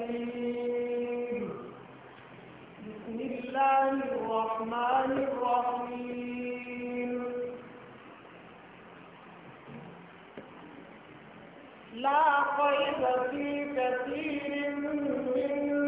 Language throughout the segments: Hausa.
الرجيم بسم الله الرحمن الرحيم لا خير في كثير من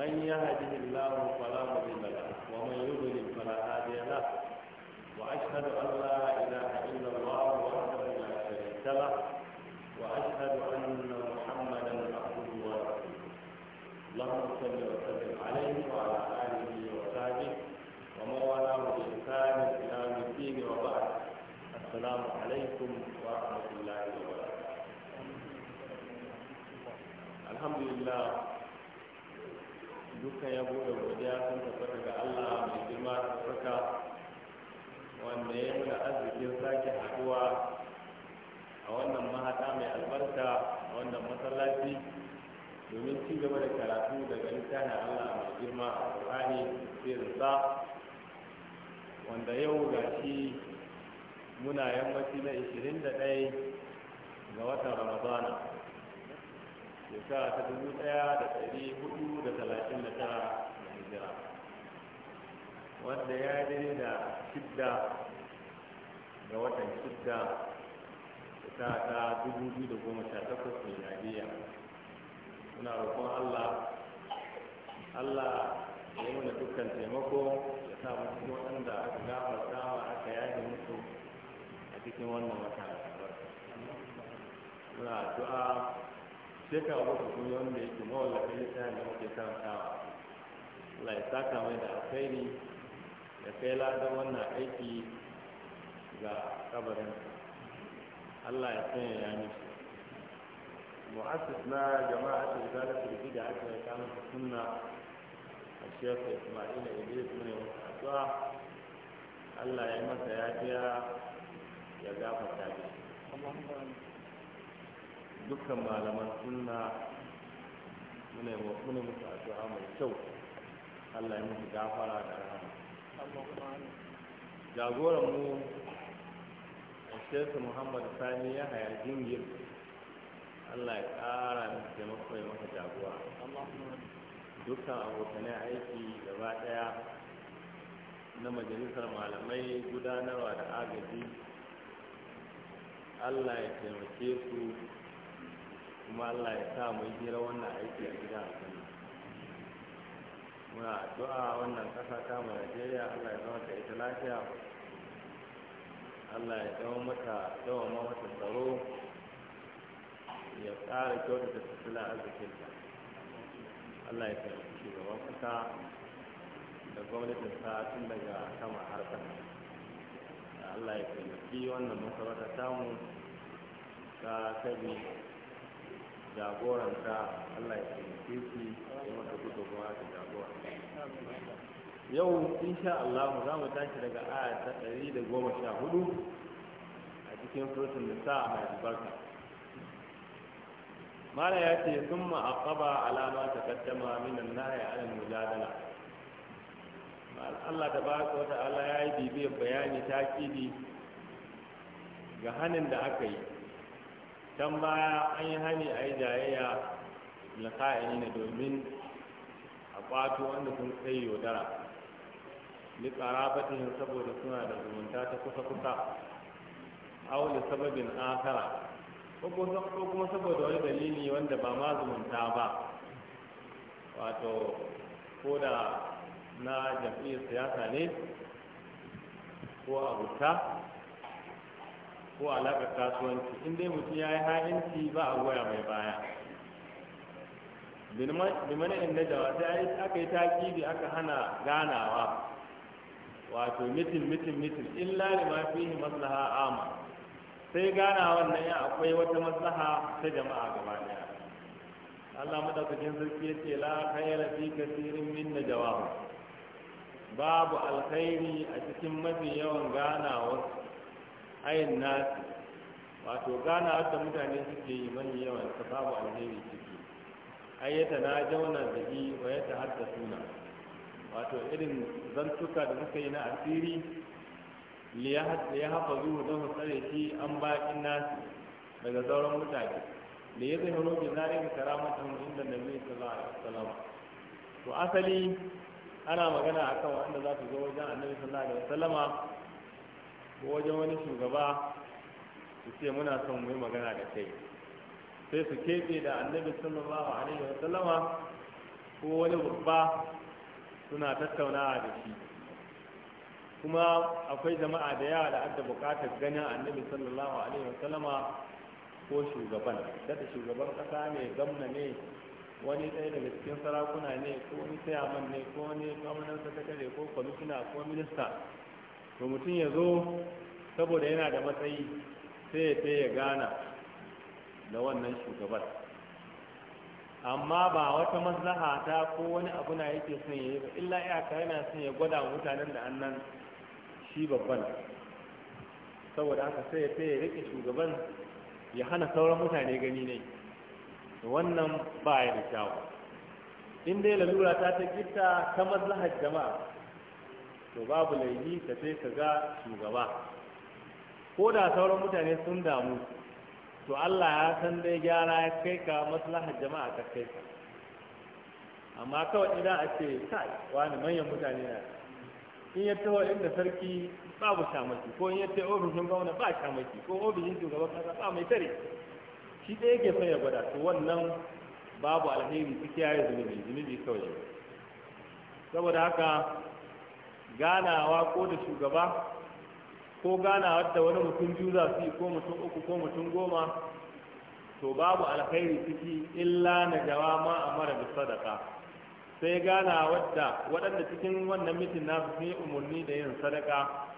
من يهده الله فلا مضل له ومن يضلل فلا هادي له واشهد ان لا اله الا الله وحده لا شريك له واشهد ان محمدا عبده ورسوله اللهم صل وسلم عليه وعلى اله وصحبه ومن والاه باحسان الى الدين وبعد السلام عليكم ورحمه الله وبركاته الحمد لله dukkan ya bude godiya sun tabbata ga Allah mai girma da tsarka wanda ya muna arzikin sake haduwa a wannan mahaɗa mai albarka a wannan masallaci domin ci gaba da karatu daga littafin Allah mai girma a Qur'ani sirrinsa wanda yau ga shi muna yammaci na 21 ga watan Ramadana shekara ta dubu ɗaya da dari hudu da talatin da tara da hijira wanda ya yi da shidda ga watan shidda shekara ta dubu biyu da goma sha takwas miliyadiyya muna roƙon allah allah ya yi mana dukkan taimako ya sa mu cikin waɗanda aka gafarta ma aka yaje musu a cikin wannan wata muna addu'a sai ka abu su wanda yake mawallafin littafin da muke karantawa Allah mai da alkhairi da kai ladan wannan aiki ga kabarin Allah ya sanya ya mishi mu'assis na jama'a ta zalata da bid'a aka yi kama sunna a shekha Isma'il da Idris ne masa Allah ya masa yafiya ya gafarta mishi dukkan malaman sunna muna musu a addu'a mai kyau Allah ya musu gafara da rahama jagoran mu shesu Muhammad Sani ya haya jingir Allah ya ƙara da taimako ya maka jagora dukkan abokanai aiki gaba ɗaya na majalisar malamai gudanarwa da agaji Allah ya taimake su kuma Allah ya sa mu jira wannan aiki a gida a gani muna addu'a wannan ƙasa ta mu Najeriya Allah ya zama ta ita lafiya Allah ya zama mata ma mata tsaro ya ƙara kyautata tattalin arzikinta Allah ya taimaki shugaban ƙasa da gwamnatin sa tun daga sama har sama Allah ya taimaki wannan masarauta tamu ta sabi jagoranta Allah ya taimake ku ya maka gudunmawa da jagoranta. yau insha Allah za mu tashi daga aya ta 114 a cikin surutun da sa mai barka. mala ya ce sun ma'aqaba alama ta kaddama minan nahya alal mujadala Allah ta baraka wata Allah ya yi bibiyar bayani takidi ga hannun da aka yi can baya an yi hani a yi jayayya laka'ini ne domin a kwato wanda sun kai yaudara liƙarabatin saboda suna da zumunta ta kusa-kusa aure da sababin akara ko kuma saboda wani dalili wanda ba ma zumunta ba wato ko da na jam'iyyar siyasa ne ko abuta ko alaƙar kasuwanci in dai mutum ya yi ha'inci ba a goya mai baya bimana in na jawa yi aka yi da aka hana ganawa wato mitin mitin mitin illa lari ma yi maslaha ama sai ganawa nan ya akwai wata maslaha ta jama'a gaba daya Allah madaukakin sarki ya ce la khayra fi kasirin min najawahu babu alkhairi a cikin mafi yawan ganawa ayin nasi wato gana wata mutane suke yi mani yawan ta babu alheri ciki ayyata na jauna zagi wa ya ta hadda suna wato irin zantuka da suka yi na asiri ya hafa zuwa don tsare shi an baƙin nasi daga sauran mutane da ya zai hano bin zarin karamata hun inda na zai salama to asali ana magana akan wanda za su zo wajen annabi sallallahu alaihi wasallama ko wajen wani shugaba su ce muna son mu yi magana da kai sai su keɓe da annabi sallallahu alaihi wa sallama ko wani babba suna tattaunawa da shi kuma akwai jama'a da yawa da adda buƙatar ganin annabi sallallahu alaihi wa sallama ko shugaban daga shugaban kasa ne gamna ne wani ɗaya daga cikin sarakuna ne ko wani tsayaman ne ko wani gwamnan sakatare ko kwamishina ko minista to mutum ya zo saboda yana da matsayi sai ya sai ya gana da wannan shugaban amma ba wata maslaha ta ko wani abu na yake son ya yi ba illa iyaka yana son ya gwada mutanen da annan shi babban saboda haka sai ya sai ya rike shugaban ya hana sauran mutane gani ne wannan ba ya da kyau. in dai lalura ta ta gita ta maslahar jama'a to babu laifi ka sai ka ga shugaba ko da sauran mutane sun damu to Allah ya san dai gyara ya kai ka maslahar jama'a ka kai ka amma kawai idan a ce kai wani manyan mutane na in ya taho inda sarki babu shamaki ko in ya taho ofishin gwamna ba shamaki ko ofishin shugaban kasa ba mai tare shi ɗaya ke son ya gwada to wannan babu alheri ciki ya yi zunubi zunubi kawai saboda haka ganawa ko da shugaba ko ganawa da wani mutum biyu za su yi ko mutum uku ko mutum goma to babu alkhairi ciki illa na jawa a mara da sadaka sai gana wadda waɗanda cikin wannan mitin na sun yi umarni da yin sadaka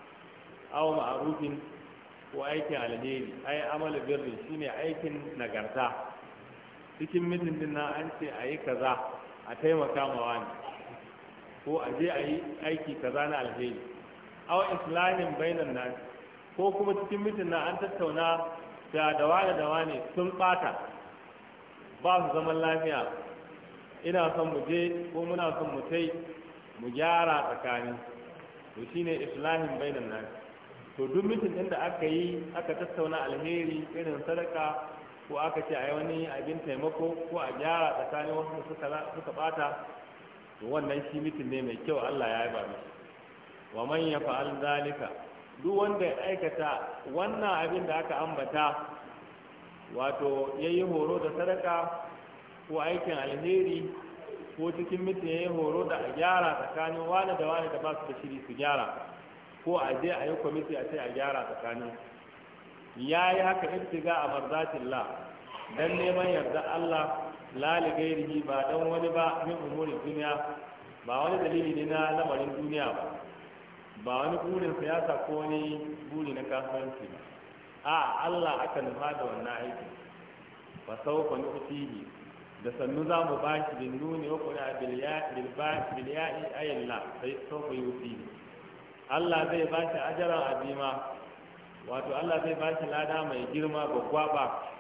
aw ma'arufin ko aikin alheri ai amal birri shine aikin nagarta cikin mitin din na an ce a yi kaza a taimaka ma wani ko a je a yi aiki kaza na alheri aw islamin bainan nas ko kuma cikin mutum na an tattauna da dawa da dawa ne sun bata ba su zaman lafiya ina son mu je ko muna son mu tai mu gyara tsakani to shine islamin bainan nan to duk mutum din aka yi aka tattauna alheri irin sadaka ko aka ce a yi wani abin taimako ko a gyara tsakanin wasu suka bata to wannan shi mutum ne mai kyau Allah ya yi ba mu. wa man fa'al zalika duk wanda ya aikata wannan abin da aka ambata wato yayi horo da sadaka ko aikin alheri ko cikin mutum yi horo da a gyara tsakanin wani da wani da ba su da shiri su gyara ko a je a yi kwamiti a ce a gyara tsakanin ya yi haka ibtiga a Barzatilla. dan neman yarda Allah la li ghairihi ba dan wani ba min umurin duniya ba wani dalili ne na lamarin duniya ba ba wani burin siyasa ko wani buri na kasuwanci ba a Allah aka nufa da wannan aikin fa ni nu'tihi da sannu za mu bashi bin nuni wa kuna biliya'i ayyalla sai yi yu'tihi Allah zai bashi ajaran azima wato Allah zai bashi lada mai girma ba.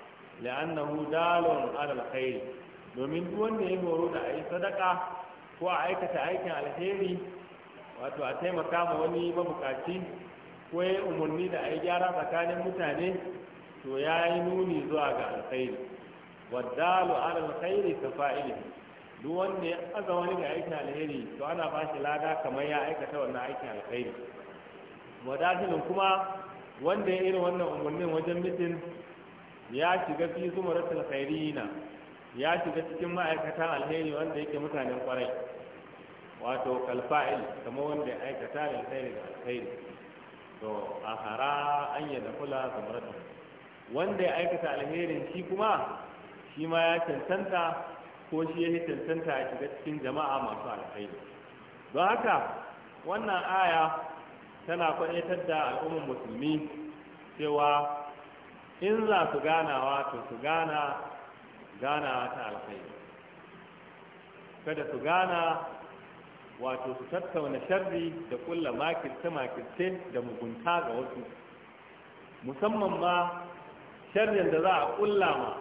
la'annahu dalun alal khair domin duk wanda ya horo da ayi sadaka ko a aikata aikin alheri wato a taimaka ma wani mabukaci ko ya umarni da ayi gyara tsakanin mutane to ya yi nuni zuwa ga alkhairi waddalu alal khairi ka fa'ili duk wanda ya aza wani ga aikin alheri to ana ba shi lada kamar ya aikata wannan aikin alkhairi wadadilin kuma wanda ya irin wannan umarnin wajen mitin ya shiga fi zumaratul khairina ya shiga cikin ma'aikatan alheri wanda yake mutanen kwarai wato kalfa'il kamar wanda ya aikata da alheri da alheri to a hara an yi kula zumaratul wanda ya aikata alherin shi kuma shi ma ya cancanta ko shi ya cancanta a shiga cikin jama'a masu alheri don haka wannan aya tana kwadatar da al'ummar musulmi cewa in za su ganawa to su gana ganawa ta alkhairi kada su gana wato su tattauna sharri da kulla makirce makirce da mugunta ga wasu musamman ma sharrin da za a kulla ma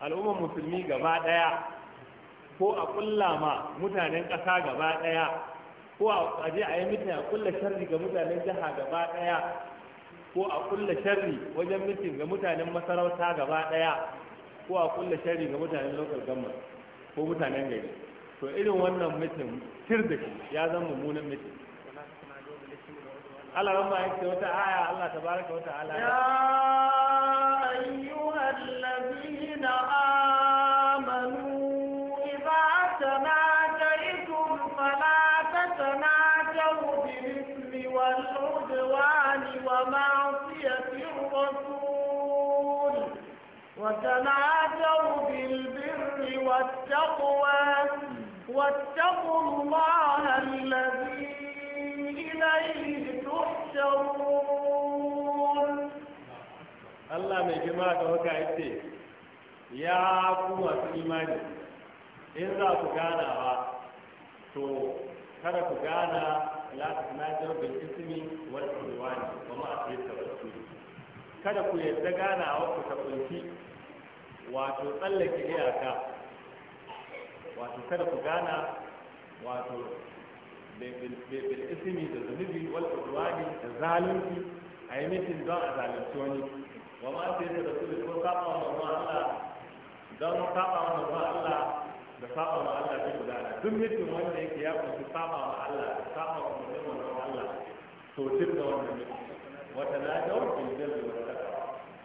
al'ummar musulmi gaba daya ko a kulla ma mutanen ƙasa gaba daya ko a je a yi mutane a kulla sharri ga mutanen jiha gaba daya ko a kulle sharri wajen mitin ga mutanen masarauta gaba daya ko a kulle sharri ga mutanen local government ko mutanen gari to irin wannan mitin tir da shi ya zama mummunan mitin Allah ya ce wata aya Allah tabaraka wa ta'ala وتنادوا بالبر والتقوى واتقوا الله الذي إليه تحشرون الله من جماعة وكعبته يا قوة إيماني إن ذا تقانا to kada ku gana la tanajar bil ismi wal udwan wa ma asrita wal kada ku yadda gana a wasu ta kunci wato tsallake iyaka wato kada ku gana wato bil ismi da zunubi wal udwani da zalunci a yi mitin don a zalunci wani wa ma sai da rasul ko saba wa manzon Allah don saba wa manzon Allah da saba wa Allah ta gudana duk mitin wanda yake ya kunshi saba wa Allah da saba wa manzon Allah to tun da wannan mitin wata na jawo bil jalli wa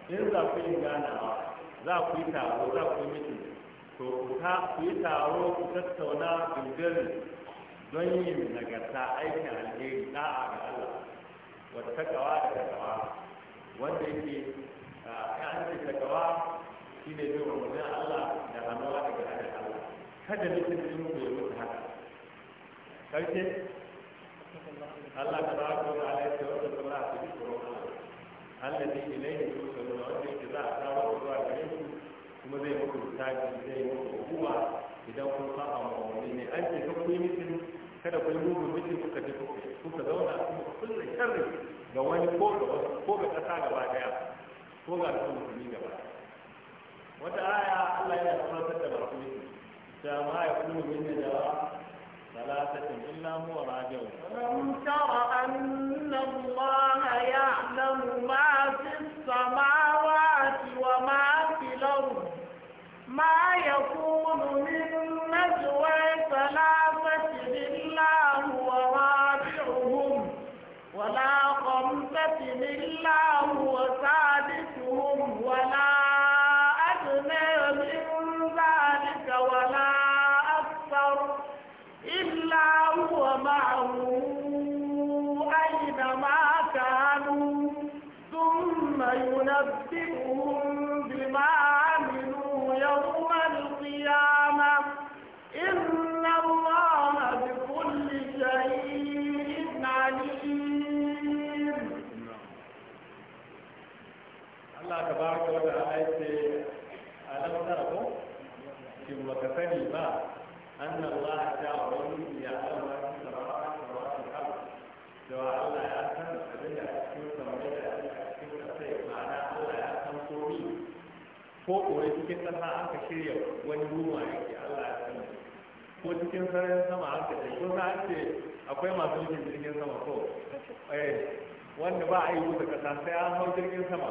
in za ku yi ganawa za ku yi taro za ku yi mitin to ku yi taro ku tattauna bilbil don yin nagarta aikin alheri da'a ga Allah wata takawa da takawa wanda yake kan ce takawa shi ne zai wani Allah da hannuwa daga hannun Allah kada mutum sun mu yi mutu haka karshe Allah ta ba ku da alaikawar da kuma a cikin kuma Allah allazi ilayhi tusarun wanda yake za a kawo zuwa gare ku kuma zai muku tafi zai muku hukuma idan kun saba ma ne an ce ka kuyi mutum kada ku yi mutum kuka ji kuka zauna kuma kulle sharri ga wani ko ga wasu ko ga kasa gaba daya ko ga al'ummar musulmi gaba wata aya Allah yana tunatar da masu mutum ta ma ya kuma minna da ثلاثة إلا هو راجع ألم ruwan ruwa yake Allah ya sani ko cikin sararin sama haka ce ko za a ce akwai masu nufin jirgin sama ko eh, wanda ba a yi wuta kasa sai an hau jirgin sama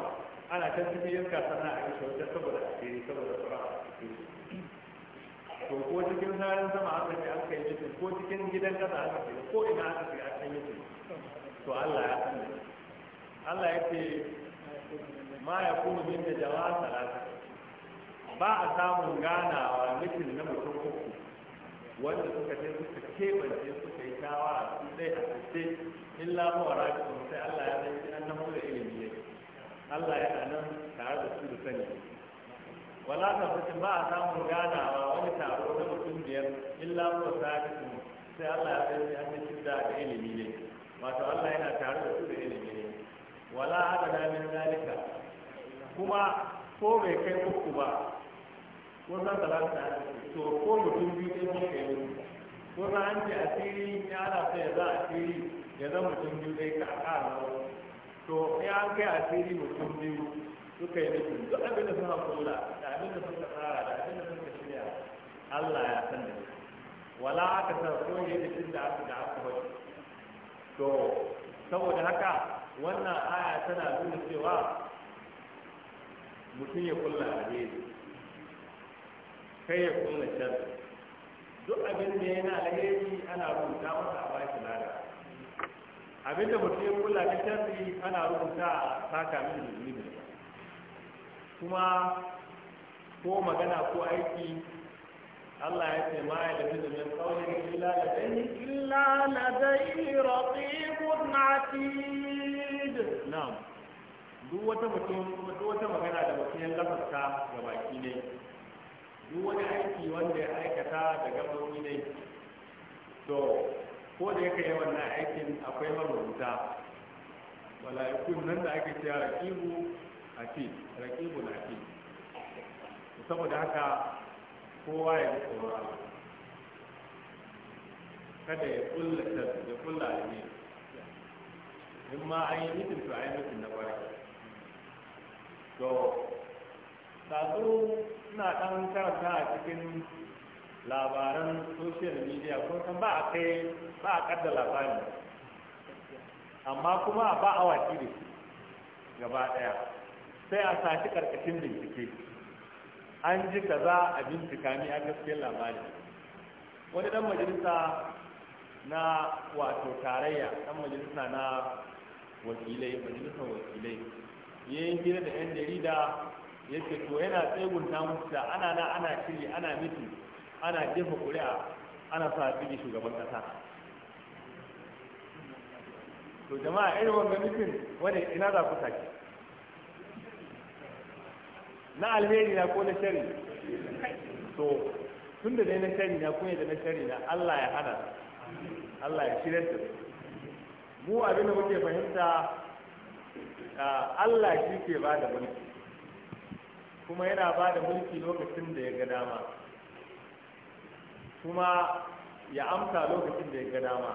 ana can cikin iska sana a ishe wata saboda a asiri saboda tsara to ko cikin sararin sama aka ce aka yi mutum ko cikin gidan kasa aka ce ko ina aka ce aka yi mutum to Allah ya sani Allah ya ce ma ya kuma min da jama'a salatu. ba a samun ganawa mutum na mutum uku wanda suka ce suka kebance suka yi tawa su dai a tace in lamuwa wa rafi sai Allah ya yi shi annabi da ilimi ne Allah ya nan tare da su da sani wala ta mutum ba a samun ganawa wani taro na mutum biyar in lamuwa wa rafi sai Allah ya yi shi annabi da ilimi ne wato Allah yana tare da su da ilimi ne wala hada na min zalika kuma ko bai kai uku ba ko san talata to ko mutum biyu ɗaya ko kai ko san an ce asiri ya ana sai ya za asiri ya zama mutum biyu ɗaya ka ƙara to ya an kai asiri mutum biyu suka yi mutum duk abin da suna kula da abin da suka tsara da abin da suka shirya Allah ya san da wala aka san ko ne da da aka da aka bari to saboda haka wannan aya tana nuna cewa mutum ya kulla alheri kai ya kuma can duk abin da yana alheri ana rubuta masa a bashi lada abin da mutum ya kula da sharri ana rubuta a saka min zunubi kuma ko magana ko aiki Allah ya ce ma ya lafi da min qawlin illa ladayhi illa ladayhi raqibun atid na'am duk wata mutum duk wata magana da mutum ya lafasta ga baki ne duk wani aiki wanda ya aikata da gabobi ne to ko da yake yi wannan aikin akwai marubuta mala'ikun nan da ake cewa rakibu hafi rakibu na hafi saboda haka kowa ya tsoro kada ya kulla ya kulla ne in ma an yi mutum to an yi mutum na kwarai to ɗazu suna ɗan karanta a cikin labaran social media ko kan ba a kai ba a labari amma kuma ba a waki da shi gaba ɗaya sai a sashi ƙarƙashin bincike an ji kaza a bincika ni a gaskiyar labari wani ɗan majalisa na wato tarayya ɗan majalisa na wakilai majalisar wakilai ya yi hira da 'yan jarida yake to yana tsegunta musu da ana na ana shiri ana miti ana jefa kuri'a ana sa a shugaban kasa to jama'a irin wanda mitin wani ina za ku sake na alheri na ko na shari to tun da dai na shari na kunya da na shari na Allah ya hana Allah ya shirar da mu abin da muke fahimta Allah shi ke ba da mulki kuma yana ba da mulki lokacin da ya ga dama kuma ya amsa lokacin da ya ga dama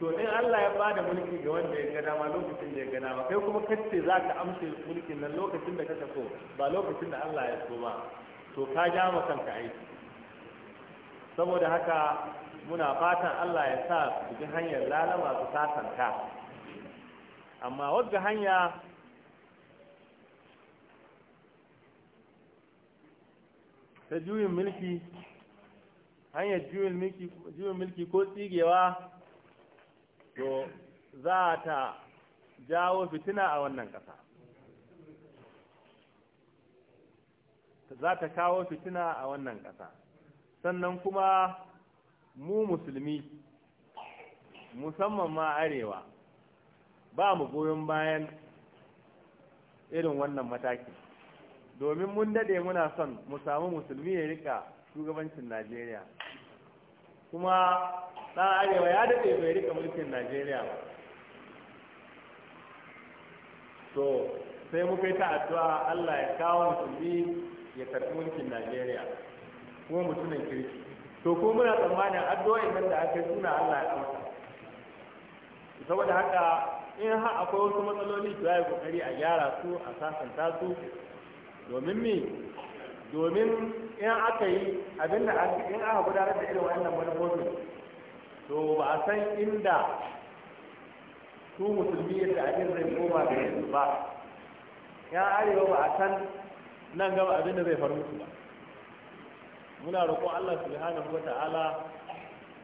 to in Allah ya ba da mulki ga wanda ya ga dama lokacin da ya ga dama kai kuma kace za ka amshe mulkin nan lokacin da ka so ba lokacin da Allah ya so ba to ka ja ma kanka aiki saboda haka muna fatan Allah ya sa su bi hanyar lalama su sasanta amma wadda hanya ta juyin milki hanyar juyin milki ko tsigewa to za ta jawo fitina a wannan ƙasa za ta kawo fitina a wannan ƙasa sannan kuma mu musulmi musamman ma arewa ba mu goyon bayan irin wannan matakin. domin mun dade muna son mu samu musulmi ya rika shugabancin najeriya kuma ɗan arewa ya dade mai rika mulkin najeriya ba to sai muka yi ta addu'a allah ya kawo musulmi ya karfi mulkin najeriya kuma mutumin kirki to ko muna tsammanin addu'a nan da aka yi suna allah ya kamata. saboda haka in ha akwai wasu matsaloli to ya yi kokari a gyara su a sasanta su domin me domin in aka yi abinda in aka gudanar da irin wannan manufofin to ba a san inda su musulmi yadda abin zai koma da yanzu ba ya arewa ba a san nan gaba abin da zai faru su ba muna roƙon Allah subhanahu wa ta'ala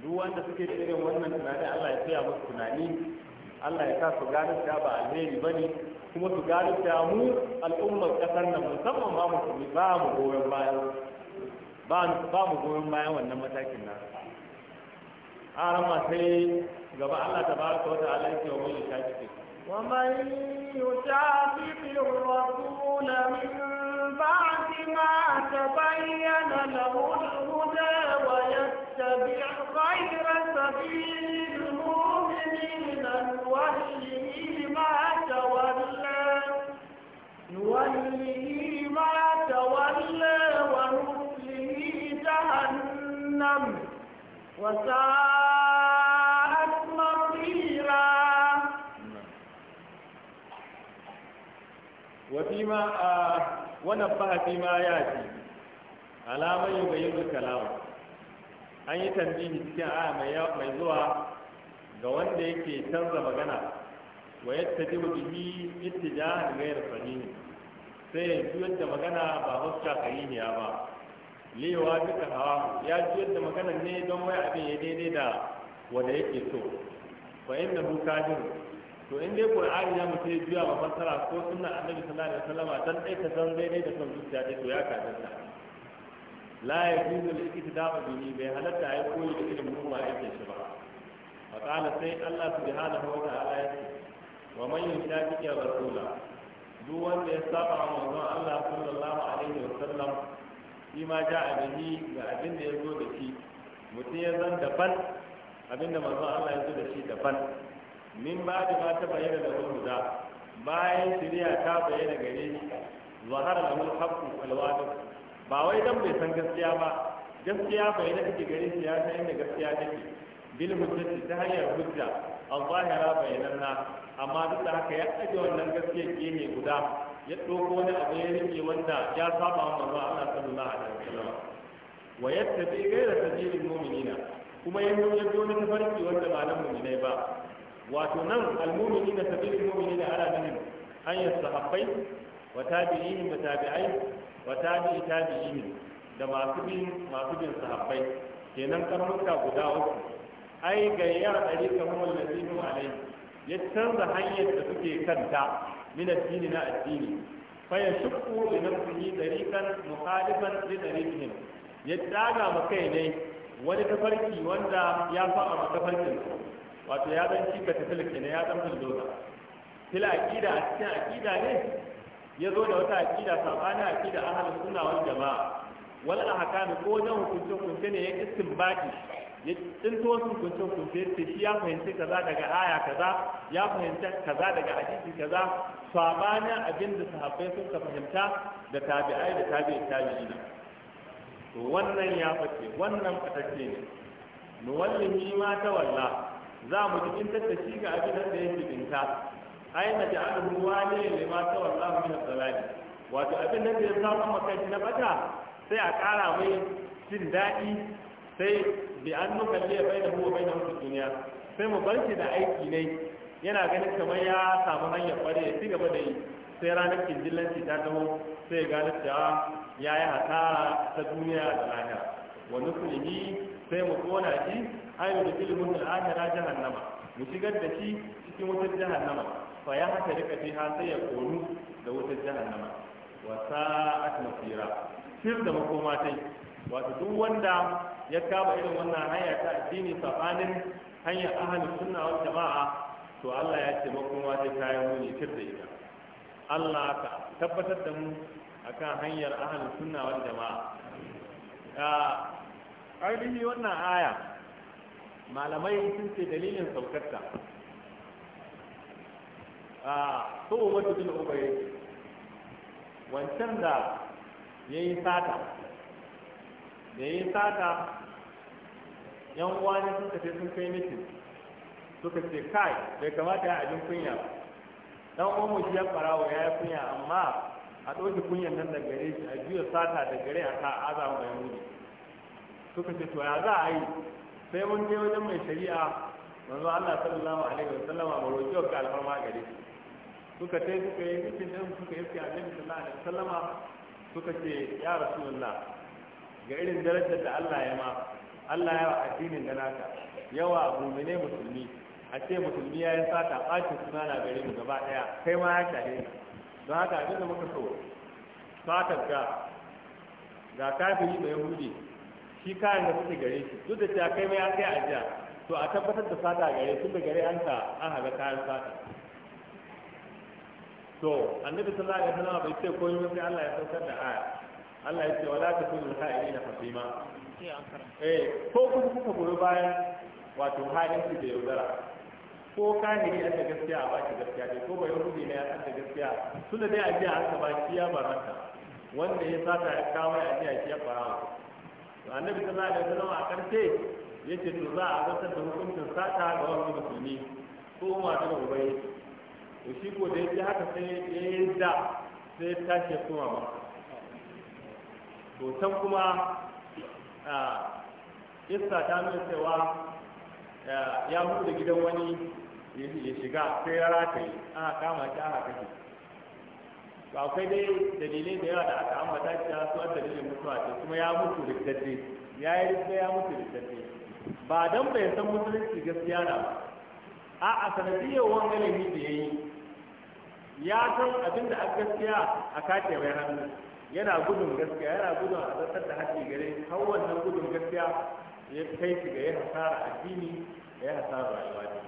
duk wanda suke da irin wannan tunanin Allah ya tsaya musu tunani Allah ya sa su gane ba alheri bane kuma su gane cewa mu al'ummar kasar nan musamman ba mu ba mu goyon bayan ba mu goyon bayan wannan matakin na a ma sai gaba Allah ta baraka wa ta'ala yake wa mun yashaki ومن يشاقق الرسول من بعد ما تبين له الهدى ويتبع غير سبيل المؤمنين نوله نوله ما تولى ونصله جهنم وساءت مصيرا وفيما آه ونبه فيما ياتي على من يبين كلامه an yi tambihi cikin aya mai zuwa ga wanda yake canza magana wa yattajibu bihi ittijahan ghayr sahihi sai ya juyar da magana ba huska sahihiyya ba lewa duka hawa ya juyar da magana ne don wai abin ya daidai da wanda yake so fa inna hu kafiru to in dai qur'ani ya mutai juya ba fassara ko sunna annabi sallallahu alaihi wasallam dan dai ka san daidai da son zuciya dai to ya kafirta la yajuzu al-iktida'u bihi bai halatta ya koyi da irin mu'mina yake shi ba fa qala sai Allah subhanahu wa ta'ala ya ce wa man yushaqiqi rasula duk wanda ya saba wa manzon Allah sallallahu alaihi wasallam shi ma ja a gani ga abin da ya zo da shi mutum ya zan daban abin da manzon Allah ya zo da shi daban min ba da ba ta bayyana da guda. bayan shari'a ta bayyana gare shi zahar lahu al-haqqu wal ba wai dan bai san gaskiya ba gaskiya bai da take gare shi ya san inda gaskiya take bil hujjati ta hanyar hujja al-zahira nan, amma duk da haka ya aje wannan gaskiyar gehe guda ya ɗauko wani abu ya rike wanda ya saba wa manzo Allah sallallahu alaihi wasallam wa yattabi ghayra sabilil mu'minina kuma ya yi wani tafarki wanda ba na mu'minai ba wato nan al-mu'minina sabilil mu'minina ala hanyar an yasahabbai wa tabi'ihim wa tabi'ai wa tabi'i tabi'ihim da masu bin masu bin sahabbai kenan karnuka guda uku ai gayyar ɗarika kamar da zinu alai ya canza hanyar da suke kanta min addini na addini fa ya shukku li nafsihi dariqan muqaliban li dariqihim ya daga makai kai ne wani tafarki wanda ya fa'a kafarkin. tafarkin wato ya dan cika tafilki ne ya dan bulldoza fil aqida a cikin aqida ne ya zo da wata aqida sabana aqida ahlus sunna wal jamaa wal ahkam ko na hukunce hukunce ne ya istinbati ya tsinto su kunce kunce ce shi ya fahimci kaza daga aya kaza ya fahimci kaza daga hadisi kaza sabanin abin da sahabbai sun ka fahimta da tabi'ai da tabi'i tabi'ina to wannan ya fice wannan fatacce ne ni ma ta walla za mu ji in tattashi ga abin da yake binta ai na ja'aluhu ne ma ta walla mu al salati wato abin da ya samu makai na bata sai a kara mai jin daɗi sai bi an nuka liya bai da huwa bai da mutu duniya sai mu barki da aiki ne yana ganin kamar ya samu hanyar kware ya ci gaba da yi sai ranar kinjillanci ta taho sai gane cewa ya yi hasara ta duniya da lahira wa nukulihi sai mu kona shi ayu da filmin al'ahira jahannama mu shigar da shi cikin wutar jahannama fa ya haka rika fi ha sai ya konu da wutar jahannama wa sa'at masira shir da makoma sai. wato duk wanda ya kama irin wannan hanya ta addini sabanin hanyar ahli sunna wal jama'a to Allah ya ce makoma ta kayan mu ne tir da ita Allah ka tabbatar da mu akan hanyar ahli sunna wal jama'a a ainihi wannan aya malamai sun ce dalilin saukarta a so wata bin ubai wancan da ya yi sata da yin sata yan uwa ne suka ce sun kai mitin suka ce kai bai kamata ya abin kunya dan uwan shi ya farawa ya yi kunya amma a ɗauki kunyan nan da gare shi a juya sata da gare a ka azama mai muni suka ce to ya za a yi sai mun je wajen mai shari'a manzo Allah sallallahu alaihi wasallama ma roki wa alfarma gare shi suka tai suka yi cikin din suka yi annabi sallallahu alaihi wasallama suka ce ya rasulullah ga irin darajar da Allah ya ma Allah ya wa addinin da naka yawa mumine musulmi a ce musulmi ya yi sata ɓacin suna na gare mu gaba ɗaya kai ma ya shahe don haka abin da muka so fatar ga ga kafiri mai yahudi shi kayan da suke gare shi duk da cewa kai mai an kai ajiya to a tabbatar da sata gare tun da gare an ka an haga kayan sata to annabi sallallahu alaihi wasallam bai ce ko yi sai Allah ya saukar da aya Allah ya ce wala ta kun ha'iri na fasima eh ko kun kuka goyi bayan wato ha'inci da yaudara ko kahiri an da gaskiya a baki gaskiya ne ko bai rubi ne an da gaskiya tunda dai a biya aka baki ya baranta wanda ya sata ya kawo a jiya shi ya barawa to annabi sallallahu alaihi wasallam a karshe yace to za a zartar da hukuncin sata ga wani musulmi ko ma da ubai to shi ko da yake haka sai ya yi da sai tashi ce koma ba. to can kuma isa ta nuna cewa ya da gidan wani ya shiga sai ya rataye aka kama shi aka kashe to akwai dai dalilai da yawa da aka ambata shi su an dalilin mutuwa ce kuma ya mutu rikitattu ya yi rikta ya mutu rikitattu ba don bai san musulunci gaskiya na ba a a sanadiyar wani galibi da ya yi ya san abin da a gaskiya a kace ya hannu yana gudun gaskiya yana gudun a zartar da haƙƙi gare har wannan gudun gaskiya ya kai shi ga ya hasara addini ya hasara rayuwa ne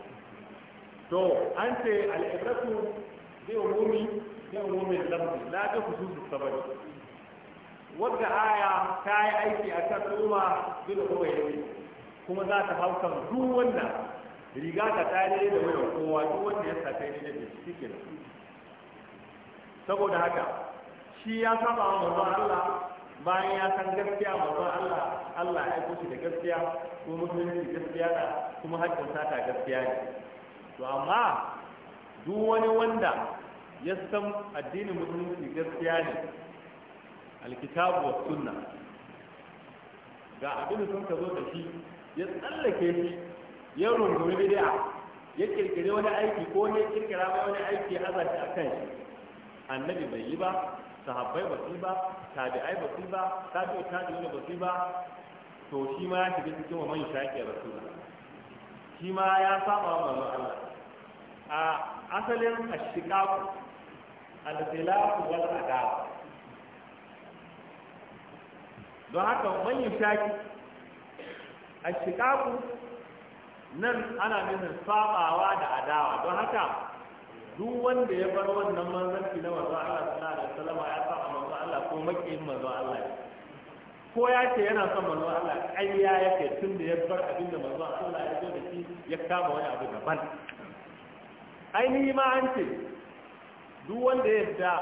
to an ce al'ibratu zai umumi zai umumi lafzi na ga khususus sabari wadda aya ta yi aiki a kan tsoma zai da kuma za ta hau kan duk wanda riga ta tare da wayan kowa duk wanda ya sa kai ne da shi saboda haka shi ya saba wa mazan Allah bayan ya san gaskiya mazan Allah Allah ya kusa da gaskiya ko musulunci gaskiya da kuma haƙƙin sata gaskiya ne to amma duk wani wanda ya san addinin musulunci gaskiya ne alkitabu wa sunna ga abin da sun zo da shi ya tsallake shi ya rungumi bid'a ya kirkire wani aiki ko ne kirkira mai wani aiki ya azaci a kan shi annabi bai yi ba sahabbai ba su ba tabi'ai ba su ba tabi'u tabi'u ba su ba to shi ma ya shiga cikin wa shaƙi a rasu shi ma ya saba wa manzon Allah a asalin ashiqaq al-khilaf wal adab don haka manyan shaqi ashiqaq nan ana nufin sabawa da adawa don haka duk wanda ya bar wannan manzanci na manzo Allah sallallahu alaihi wasallam ya a manzo Allah ko makiyin manzo Allah ko ya ce yana son manzo Allah ƙarya yake tun da ya bar abin da manzo Allah ya zo da shi ya kama wani abu daban ainihi ma an ce duk wanda ya da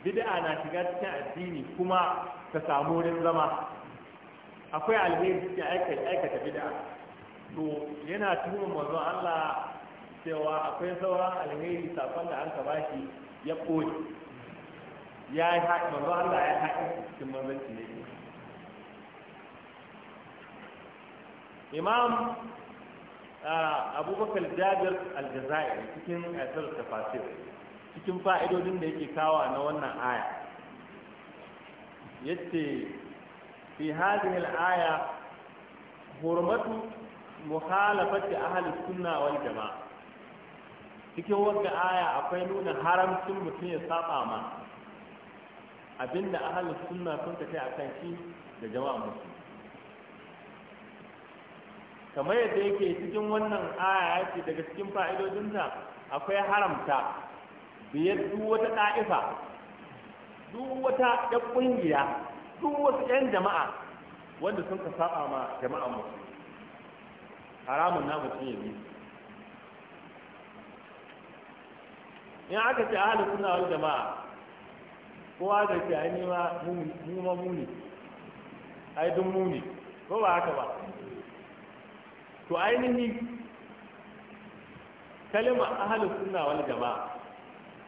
bid'a na shiga cikin addini kuma ta samu wurin zama akwai alheri cikin aikata bid'a to yana tuhumar manzo Allah cewa akwai sauran alheri safan da an ka shi ya koyi ya yi haɗi manzo Allah ya haɗi cikin manzanci ne imam abubakar jabir aljazair cikin asir fasir cikin fa'idodin da yake kawa na wannan aya yace fi hadhihi al-aya hurmatu مخالفة أهل wani jama'a. cikin wadda aya akwai nuna haramcin mutum ya saba ma abinda ahalus sunna sun tafi a kan shi da jama'a musu kamar yadda yake cikin wannan aya ya daga cikin fa'idodinta akwai haramta biyar duk wata ɗa'ifa duk wata ɗan ƙungiya duk wasu ‘yan jama'a wanda sun ka saba ma jama'a musu haramun na mutum ya biyu in aka ce ahalin suna wani jama'a kowa da ce ai ma muma muni ai dun muni ko ba haka ba to ainihi kalima ahalin suna wani jama'a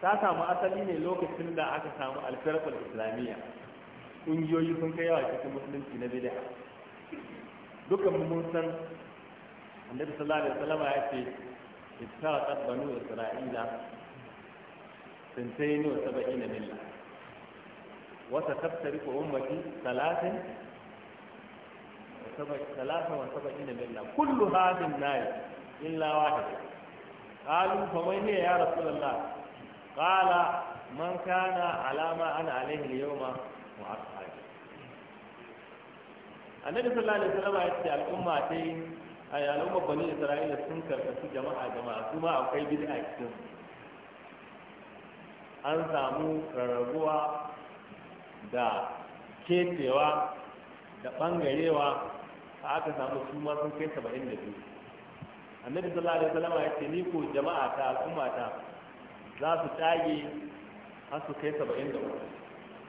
ta samu asali ne lokacin da aka samu alfarkul islamiyya ƙungiyoyi sun kai yawa cikin musulunci na bid'a dukkan mun san annabi sallallahu alaihi wasallam ya ce ittaqat banu isra'ila سنتين وسبعين ملة وستفترق أمتي ثلاثا ثلاثا وسبعين ملة كل هذا النار إلا واحد قالوا فمن يا رسول الله قال من كان على ما أنا عليه اليوم وأصحابي annabi sallallahu alaihi wasallam ya ce al'umma ta yi a al'umma bani isra'ila sun karkasu jama'a jama'a kuma akwai bid'a cikin su an samu rarrabuwa da ketewa da ɓangarewa a aka samu su sun kai saba'in da biyu annabi sallallahu alaihi wasallam ya ce ni ko jama'a ta al'umma ta za su tage har su kai saba'in da uku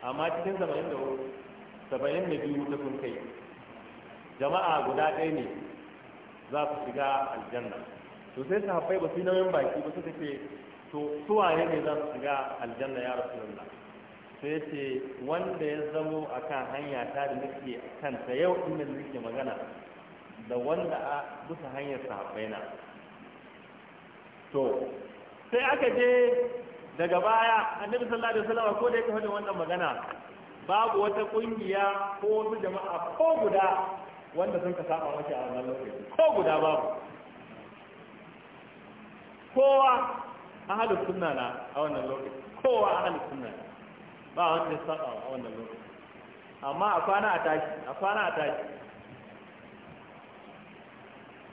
amma cikin saba'in da uku saba'in da biyu ta sun kai jama'a guda ɗaya ne za su shiga aljanna to sai sahabbai ba su nauyin baki ba su ce to suwaye ne za su shiga aljanna ya rasulullah sai ce wanda ya zamo a kan hanya ta da nake kanta yau inda nake magana da wanda a bisa hanyar sahabbai na to sai aka je daga baya annabi sallallahu alaihi wasallam ko da yake faɗin wannan magana babu wata kungiya ko wasu jama'a ko guda wanda sun ka saba mashi a wannan lokaci ko guda babu kowa ahalin suna na a wannan lokaci kowa ahalin suna na ba wanda ya saba a wannan lokacin. amma a kwana a tashi a kwana a tashi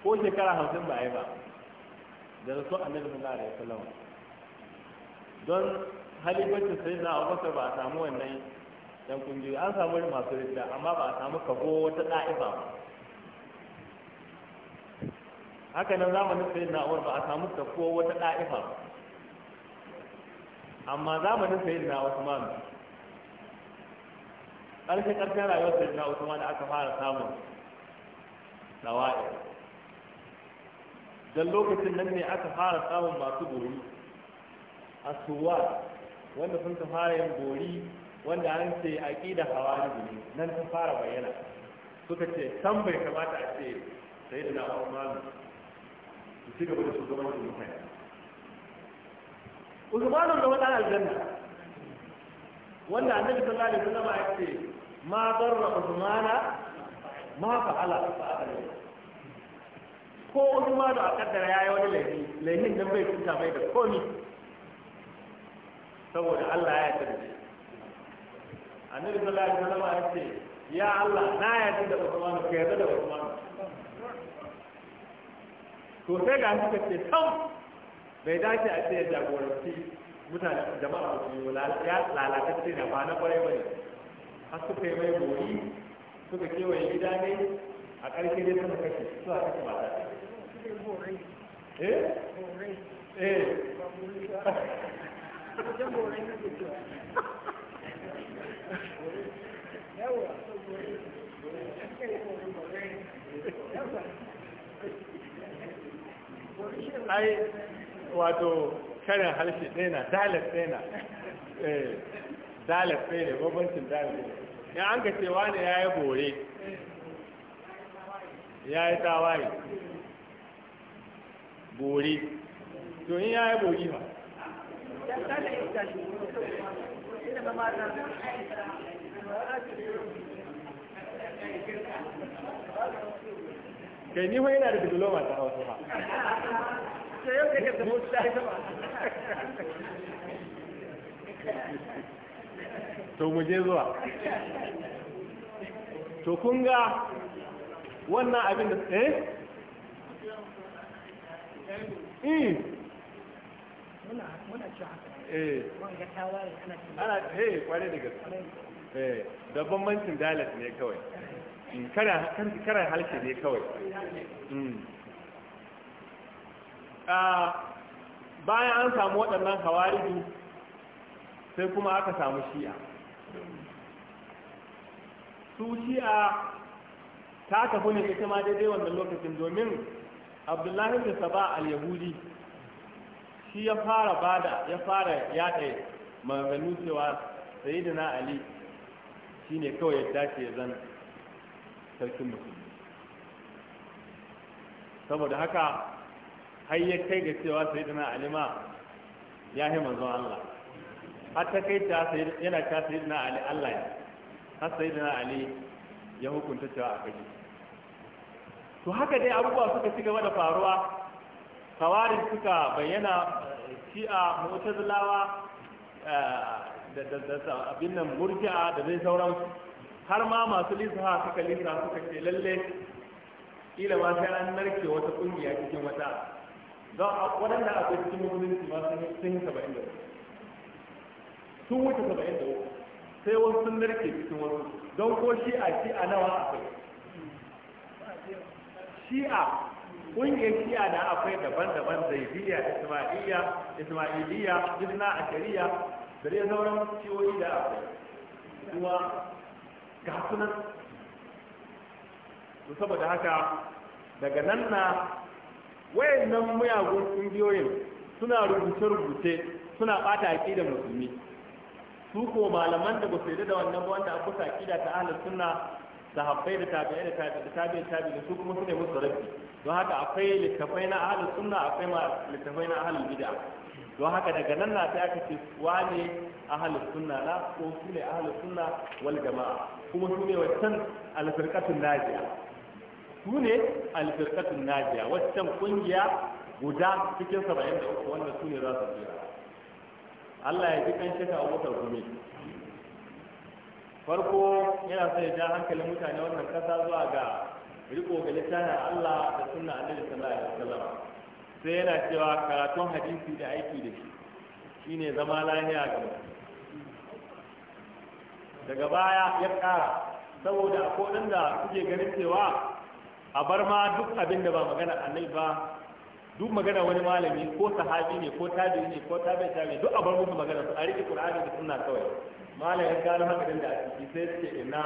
ko shekara hamsin ba a yi ba da rasu annabi sallallahu alaihi wasallam don halibacin sai na abubakar ba a samu wannan yan kungiyoyi an samu wani masu ridda amma ba a samu kago wata ɗa'iba ba haka nan zamanin sai na ba a samu kago wata ɗa'iba. ba amma zamanin na Usman ƙarshe ƙarshen rayuwar sayyidina Usman da aka fara samun dawa'i dan lokacin nan ne aka fara samun masu gori asuwa wanda sun ta fara yin gori wanda an ce aqida hawari ne nan ta fara bayyana suka ce san bai kamata a ce sayyidina Usman su ci gaba da shugabancin mutane usmanu da wata aljanna wanda annabi sallallahu alaihi wasallam ya ce ma darra usmana ma fa'ala fa'ala ko usmanu a kaddara yayi wani laifi laifin nan bai tunta mai da komi saboda Allah ya yarda annabi sallallahu alaihi wasallam ya ce ya Allah na yarda da usmanu ka yarda da usmanu to sai ga suka ce sam bai dace a ce jagoranci mutane jama'a musulmi ya ce na ba na kwarai ba ne har suka yi mai bori suka kewaye gida ne a ƙarshe dai suka kashe a kashe ba ta eh eh ai wato karin harshe ɗaya na dalib ɗaya na eh, dalib ɗaya ne bambancin dalib ya an ka cewa ne ya yi bore ya yi tawaye bore to yi ya yi bore ba kai ni fa yana da diploma ta hausa ba to yau kai ka zama ta yi to mu je zuwa to kun ga wannan abin da eh eh muna muna cewa eh wanga tawaye ana ana eh kware da gaske eh da bambancin dialect ne kawai hmm, karan halke ne kawai hmm. bayan an samu waɗannan hawariju sai kuma aka samu shi'a su shi'a ta tafi ne ita ma daidai wannan lokacin domin abdullahi da saba al-yahudi shi ya fara bada ya fara yaɗa maganin cewa na ali ne kawai ya dace ya zan sarkin musulmi saboda haka har ya kai ga cewa sai dana alima ya yi manzo Allah har ta kai ta yana ta sai dana ali Allah ya har sai dana ali ya hukunta cewa a yi. to haka dai abubuwa suka ci gaba da faruwa kawarin suka bayyana eh, shi'a mu'tazilawa eh, da abin nan murji'a da zai sauran har ma masu lisa suka lisa suka ce lalle ila ma sai an narke wata kungiya cikin wata don waɗanda a kai cikin musulunci ma sun yi saba'in da sun wuce saba'in da uku sai wani sun narke cikin wani, don ko shi'a a nawa a akwai shi'a ƙungiyar shi'a na akwai daban-daban zaidiyya isma'iliya isma'iliya jirna a shari'a da dai sauran ciwoyi da akwai kuma ga sunan saboda haka daga nan na nan muyagun kungiyoyin suna rubuce-rubuce suna bata da musulmi su ko malaman da ba su yi da wannan ba wanda akwai da ta ahlus sunna sahabbai da tabi'ai da tabi'ai da tabi'ai tabi'ai su kuma su ne musu rabbi don haka akwai littafai na ahlus sunna akwai littafai na ahlul bid'a don haka daga nan na ta aka ce wane ahlus sunna na ko su ne ahlus sunna wal jama'a kuma su ne wancan alfirqatul najiya su ne alfirkatun najiya waccan kungiya guda cikin saba'in da uku wanda su ne za su tsira Allah ya ji kan shaka wutar gumi farko yana so ya ja hankalin mutane wannan kasa zuwa ga riko ga littafin Allah da sunna annabi sallallahu alaihi wasallam sai yana cewa karatun hadisi da aiki da shi shine zama lahiya ga daga baya ya kara saboda akwai da kuke ganin cewa a bar ma duk abin da ba magana annabi ba duk magana wani malami ko sahabi ne ko tabi'i ne ko ta tabi'i duk a bar musu magana su a rike qur'ani da sunna kawai malamin gano haka din da ake sai ce ina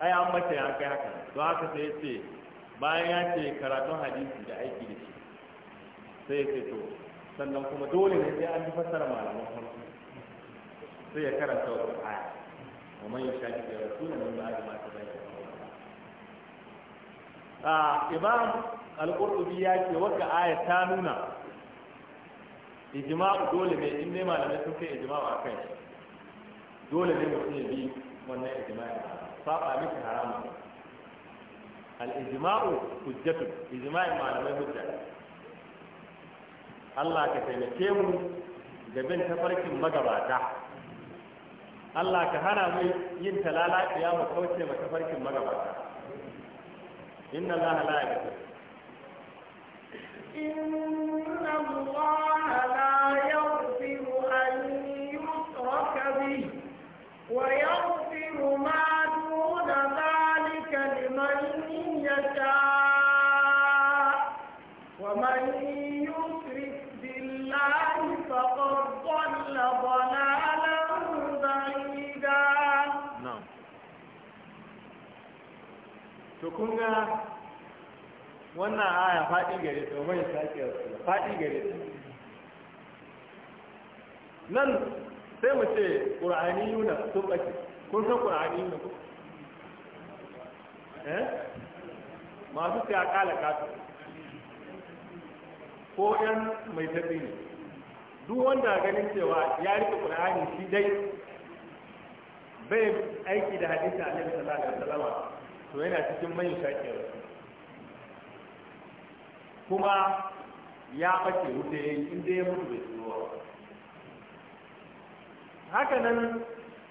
ai an mace ya kai haka to haka sai ce bayan ya ce karatun hadisi da aiki da shi sai ce to sannan kuma dole ne sai an fi fassara malaman farko sai ya karanta wa aya wa man shafi da rasulun min ba'd ma tabayyana imam al-qurtubi ya ce wata aya ta nuna ijma'u dole ne in dai malamai sun kai ijma'u a kai, dole ne mutum ya bi wannan ijma'i saba miki haramun al-ijma'u hujjatu ijma'i malamai hujja Allah ka taimake mu da bin tafarkin magabata Allah ka hana mu yin talala ya mu kauce ma tafarkin magabata إن الله لا يغفر إن الله لا يغفر أن يشرك به ويغفر ما دون ذلك لمن يشاء ومن يشرك بالله to kun ga wannan aya faɗi gare ta mai sake faɗi gare ta nan sai mu ce ƙur'ani yuna sun ɓace kun san ƙur'ani yuna ku eh masu sai a ƙala kasu ko ƴan mai tafi ne duk wanda ganin cewa ya rike ƙur'ani shi dai bai aiki da hadisi a nabi sallallahu alaihi wasallam to yana cikin mai rasu kuma ya ɓace wuta ya yi inda ya mutu bai tsoro haka nan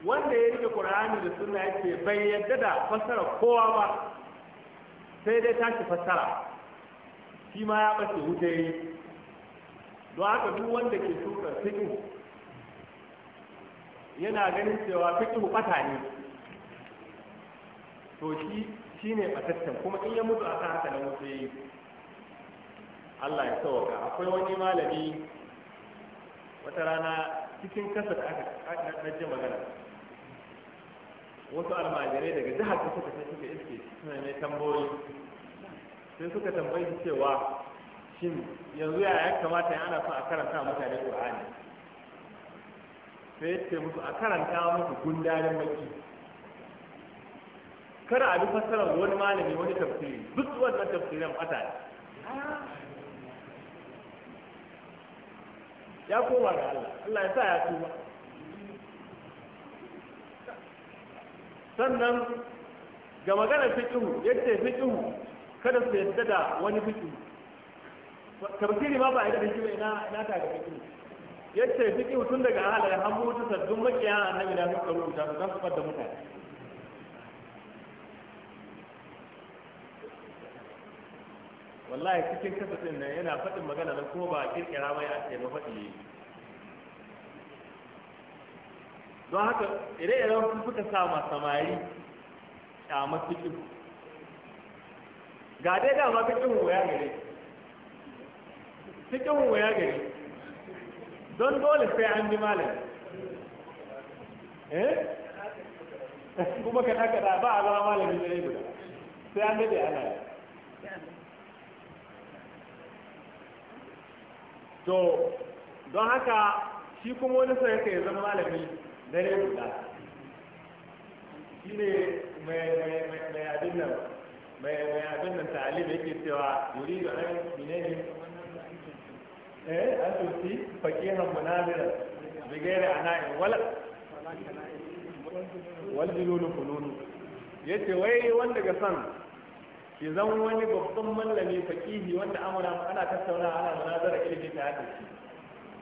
wanda ya rike ƙur'ani da suna yake bai yadda da fassara kowa ba sai dai tashi fassara shi ma ya ɓace wuta ya yi don haka duk wanda ke shuka fiƙihu yana ganin cewa fiƙihu ɓata ne to shi shi ne batattan kuma in ya mutu a kan haka nan wuce yi Allah ya sauka akwai wani malami wata rana cikin kasa da aka na magana wasu almajirai daga jihar da suka suka iske suna mai tambayoyi sai suka tambayi cewa shin yanzu ya kamata ya ana son a karanta mutane Qur'ani sai ya ce musu a karanta musu gundarin maki kada a bi fassarar wani malami wani tafsiri duk wannan tafsirin fata ne ya koma ga Allah Allah ya sa ya tuba sannan ga maganar fiqhu yace fiqhu kada su yadda da wani fiqhu tafsiri ma ba a yi da shi ba ina ina ta ga fiqhu yace fiqhu tun daga ahalai hamu ta sabbin makiya annabi da suka rubuta su dan su fadda mutane wallahi cikin kasafin nan yana faɗin magana nan kuma ba kirkira mai a ce mafaɗi ne don haka ire-iren su suka sama samari a cikin ga dai dama cikin wuya gare cikin ya gare don dole sai an ji malam eh kuma ka ɗaka ba a zama malamin da guda sai an daɗe ana yi to don haka shi kuma wani sai yake zama malami na ne guda shi ne mai abin nan mai abin nan talib yake cewa yuri da an mine ne eh an tusi fakihan munazira bigere ana'in wala wal jilulu fununu yace wai wanda ga san ki zama wani babban mallami fakihi wanda amura ana tattauna ana munazara ilimi ta hada shi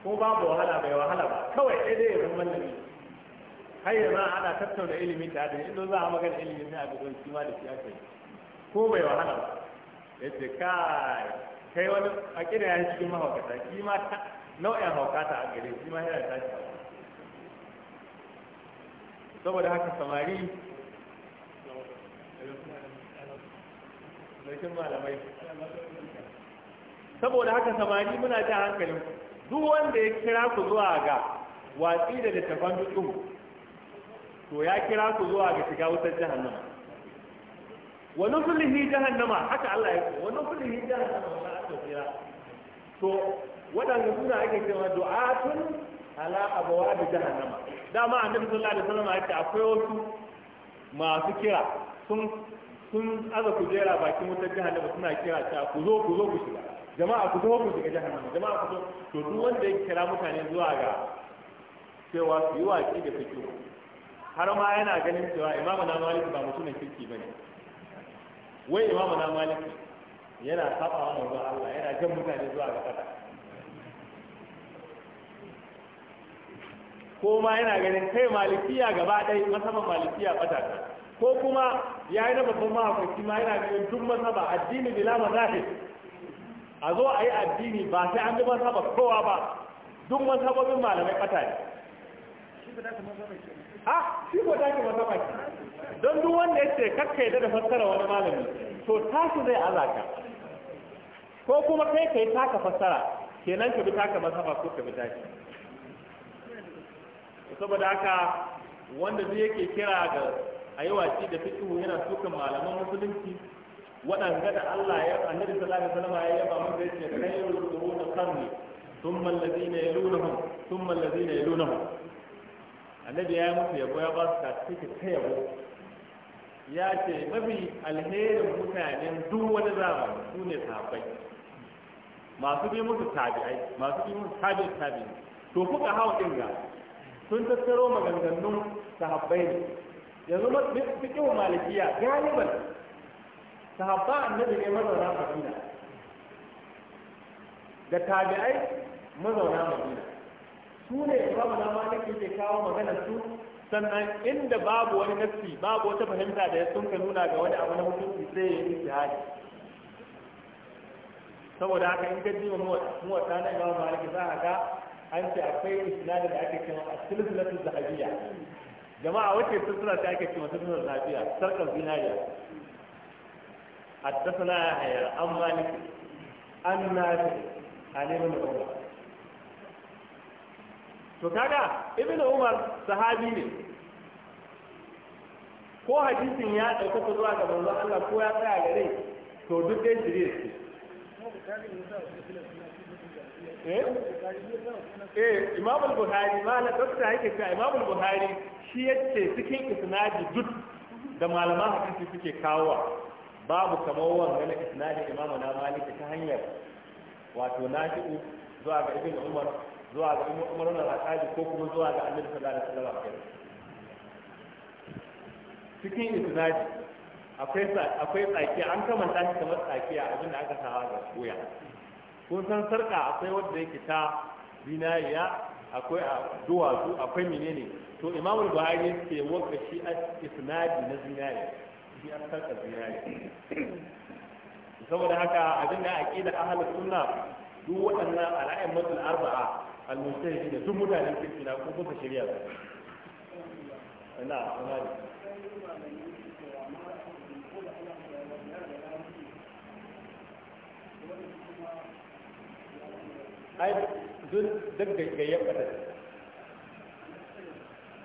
ko babu wahala bai wahala ba kawai sai dai zama mallami har yanzu ana tattauna ilimi ta shi idan za a magana ilimi sai a ga ma da shi aka yi ko bai wahala ba ce kai kai wani a ya cikin mahaukata shi ma nau'in haukata a gare shi ma yana tashi saboda haka samari malamai saboda haka samari muna ta hankali duk wanda ya kira ku zuwa ga watsi da littafan dukkan to ya kira ku zuwa ga shiga wutar jahannama wa nusulihi jahannama haka Allah ya wani wa nusulihi jahannama aka asfira to waɗanda suna ake cewa du'atun ala abawa da jahannama dama annabi sallallahu alaihi wasallam ya ce akwai wasu masu kira sun sun aza ku jera bakin wutar jahannama suna kira ta ku zo ku zo ku shiga jama'a ku zo ku shiga jahannama jama'a ku zo to duk wanda ya kira mutane zuwa ga cewa su yi waƙi da fito har ma yana ganin cewa imamu na maliki ba mutumin kirki ba ne wai imamu na maliki yana saba wa manzo Allah yana jan mutane zuwa ga kada ko ma yana ganin kai malikiya gaba ɗaya masaman malikiya ɓata ta ko kuma ya yi na babban mahaukaci ma yana ganin duk mazhaba addini bila mazahib a zo a yi addini ba sai an bi mazhaba kowa ba duk mazhabobin malamai ɓata ne ah shi ko take mazhaba ki don duk wanda ya ce kakka yadda da fassara wani malami to tashi zai azaka ko kuma kai kai taka fassara kenan ka bi taka mazhaba ko ka bi tashi saboda haka wanda zai yake kira ga a yi watsi da fikihu yana sukan malaman musulunci waɗanda da Allah ya annabi sallallahu alaihi wasallam ya yaba mun da yake khairul qurun qarni thumma alladhina yalunhum thumma alladhina yalunhum annabi ya musu yabo ya ba su certificate ta yabo ya ce mafi alherin mutanen duk wani zamani su ne sahabbai masu bi musu tabi'ai masu bi musu tabi'i tabi'i to kuka hawo din ga sun tattaro maganganun sahabbai ne yanzu fiƙin malikiya galiban sahabba annabi ne mazauna madina da tabi'ai mazauna madina su ne imamu na maliki ke kawo magana su sannan inda babu wani nassi babu wata fahimta da ya ka nuna ga wani abu na hukunci sai ya yi jihadi saboda haka in gaji wa muwata na imamu maliki za a ga an ce akwai isnadin da ake cewa a silsilatu zahabiyya jama'a wace suna ta ake cewa sun lafiya sarkar zinariya حدثنا يحيى عن مالك عن نافع عن ابن عمر to kaga ibn umar sahabi ne ko hadisin ya ɗaukaka zuwa ga manzo Allah ko ya tsaya ga to duk dai shirye ce eh eh imamul buhari bukhari ma la dokta yake cewa shi yace cikin isnadi duk da malaman hadisi suke kawo babu kamar wannan isnadi imamu na ta hanyar wato nafi'u zuwa ga ibn umar zuwa ga ibn umar na al ko kuma zuwa ga annabi sallallahu alaihi wasallam cikin isnadi akwai akwai tsaki an kamanta shi kamar tsaki abin da aka sawa ga koya kun san sarka akwai wanda yake ta zinariya akwai a duwatsu akwai menene to imam buhari ke wanka shi a isnadi na zinari shi an sarka zinari saboda haka abin da aqida ahlus sunna duk waɗannan ala'in matul arba'a al-mustahidi da duk mutanen kirki na ko kuka shirya su na kuma ne duk gaggagayyar ƙasar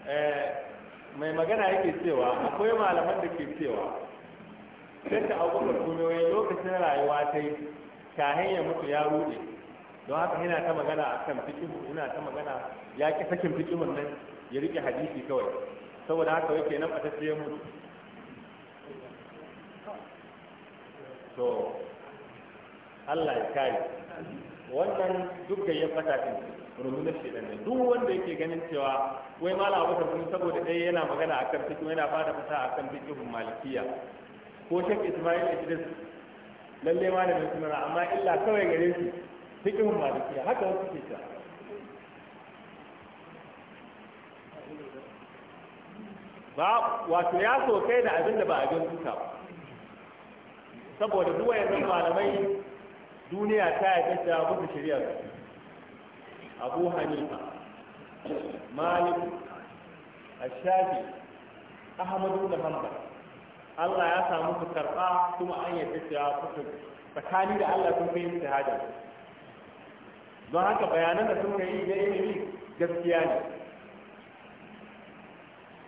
eh, mai magana yake cewa akwai malaman da ke cewa sai ta abubakar kumewoyi lokacin rayuwa ta yi kahin ya mutu ya rude don haka yana ta magana a kan fikin yana ta magana ya ki sakin fikin nan ya rike hadisi kawai saboda haka yake nan a tafiye mutu So, Allah ya kare wannan duk da ya fata din rundunar shi ne duk wanda yake ganin cewa wai malam abu tabbun saboda ɗaya yana magana akan cikin yana fada fata akan fiqh malikiya ko shek ismail idris lalle malamin sunna amma illa kawai gare su fiqh malikiya haka wasu ke ta ba wato ya so kai da abin da ba abin duka saboda duk malamai duniya ta yi da musu shari'ar abu hanifa malik ashafi ahmadu da hamba allah ya samu su karba kuma an yi cewa kusur tsakani da allah sun fi yin shahada don haka bayanan da sun yi da ilimi gaskiya ne